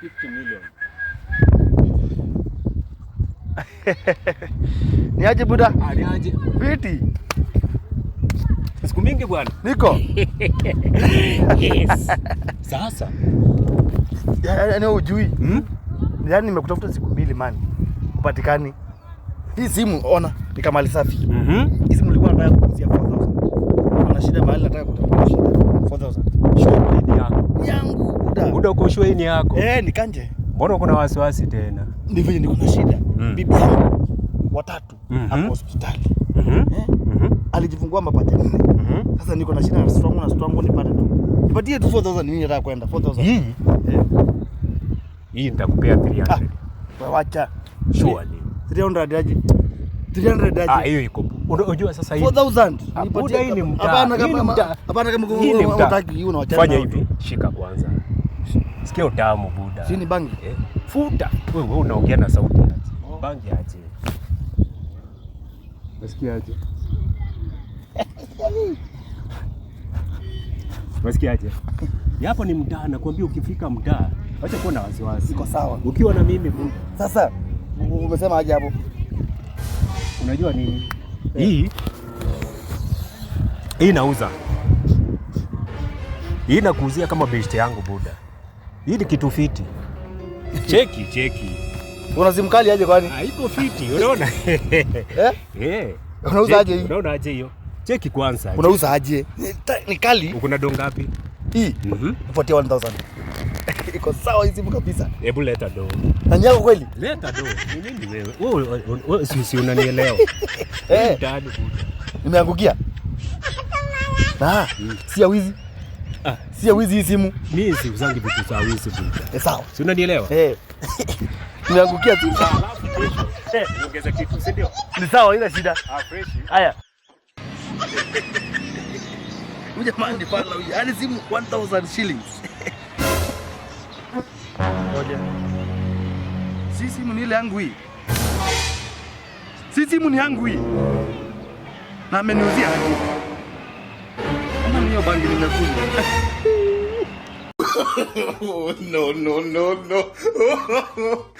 50 million. Ni aje buda? Ah, ni aje. Viti. Siku mingi bwana. Niko. Yes. Sasa. Yaani ujui. Hmm? Yaani nimekutafuta siku mbili man. Upatikani. Hii simu ona, ni kama safi. Mhm. Mm Hii simu ilikuwa nayo muda uko shwari ni yako. Eh, ni kanje. Mbona kuna na wasiwasi tena? Ni vile niko na shida. Mm. Bibi yangu watatu mm -hmm. hospitali. Mm -hmm. eh? mm -hmm. Alijifungua mapacha nne. Mm -hmm. Sasa niko na shida na strong na strong nipate tu. Nipatie tu 4000 nini nataka kwenda 4000. Hii. Eh. Hii nitakupea 300. Ah, wacha. Surely. 300 aje. 300 aje. Ah, hiyo iko Unajua sasa hivi 4000 nipatie. Hapana kama hapana kama unataka hiyo unawachana. Fanya hivi, shika kwanza. Sikia utamu buda. Si ni bangi? Eh. Futa. Wewe wewe unaongea na sauti aje? Oh. Bangi aje. Nasikia aje? Nasikia aje? Hapo ni mtaa nakwambia, ukifika mtaa acha kuwa na wasiwasi. Iko sawa. Ukiwa na mimi bro. Sasa umesema aje hapo? Unajua nini? Yeah. Hii hii nauza. Hii nakuuzia kama beshte yangu buda. Hii kitu fiti. Cheki, cheki. kali aje kwani? Haiko ah, fiti, unaona? Eh? Eh. eh. Unauzaje hiyo? aje hiyo? Cheki kwanza. aje? Ni kali. Uko na donga ngapi? Hii. Mhm. 41000. Iko sawa hizi kabisa. Hebu leta do. Nani kweli? Leta do. Ni nini wewe? Wewe si si unanielewa. Eh. Nimeangukia. Na, si ya wizi. Ah. Si wizi hii simu. Mimi si uzangi vitu za wizi bwana. Eh, sawa. Si unanielewa? Eh. Nimeangukia tu. Ah, alafu kesho. Eh, ongeza kitu, si ndio? Ni sawa, haina shida. Ah, fresh. Haya. Uje mandi pala huyu. Yaani simu 1000 shillings. Ngoja. Si simu ni ile yangu hii. Si simu ni yangu hii. Na ameniuzia hapo. niño van en el fútbol. no, no, no, no.